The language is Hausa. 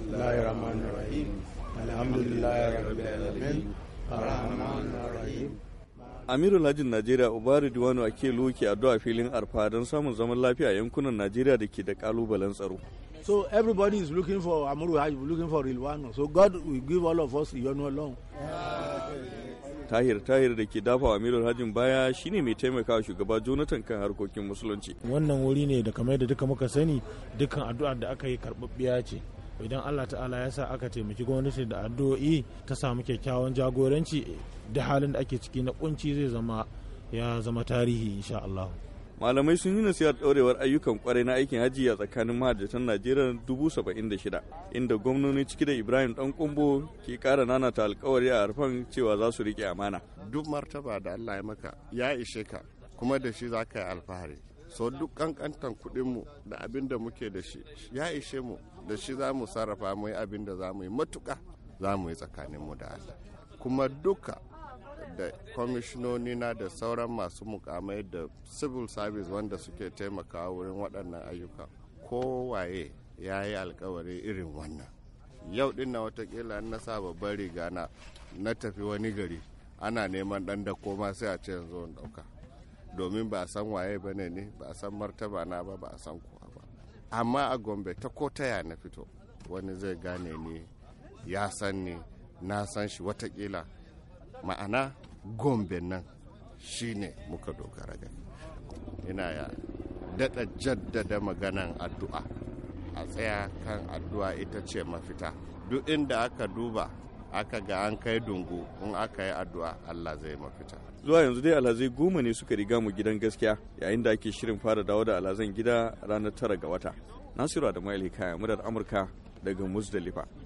bismillahir rahmanir Lajin Najeriya Ubari Diwanu ake loke addu'a filin arfa don samun zaman lafiya yankunan Najeriya da ke da kalubalen tsaro. So everybody is looking for Amuru Hajji, looking for Rilwano. So God will give all of us yonu alone. tahir tahir da ke dafa amirul hajjin baya shine mai taimakawa shugaba jonathan kan harkokin musulunci wannan wuri ne da kamar da duka muka sani dukkan addu'ar da aka yi karɓaɓɓiya ce idan allah ta'ala ya sa aka taimaki gwamnati da addu'o'i ta samu kyakkyawan jagoranci da halin da ake ciki na kunci zai zama ya zama tarihi insha allah malamai sun yi nasiyar daurewar ayyukan kwarai na aikin haji a tsakanin mahajjatan najeriya dubu saba'in da shida inda gwamnoni ciki da ibrahim dan kumbo ke nana nanata alkawari a harfan cewa za su riƙe amana duk martaba da allah ya maka ya ishe ka kuma da shi za ka yi alfahari so duk kankantan kuɗinmu da abin da muke da shi ya ishe mu da shi za mu sarrafa mu yi abin da za mu yi matuka za mu yi tsakaninmu da Allah kuma duka da kwamishinoni na da sauran masu mukamai da civil service wanda suke taimakawa wurin waɗannan ayyuka kowaye ya yi alkawari irin wannan yau din na watakila na sa babban riga na na tafi wani gari ana neman ɗan da koma sai a ce yanzu ɗauka domin ba a san waye ba ne ne ba a san martaba na ba ba a san kowa ba amma a gombe ta ko taya na fito wani zai gane ni ya san ni na san shi watakila ma'ana gombe nan shi ne muka dogara ga ina ya daɗa jaddada maganan addu'a a tsaya kan addu'a ita ce mafita duk inda aka duba aka ga an kai dungu in aka yi addu'a Allah zai mafita. Zuwa yanzu dai alazai goma ne suka riga mu gidan gaskiya yayin da ake shirin fara dawo da alazan gida ranar tara ga wata. Nasiru Adamu Ali Kaya, murar Amurka daga Musdalifa.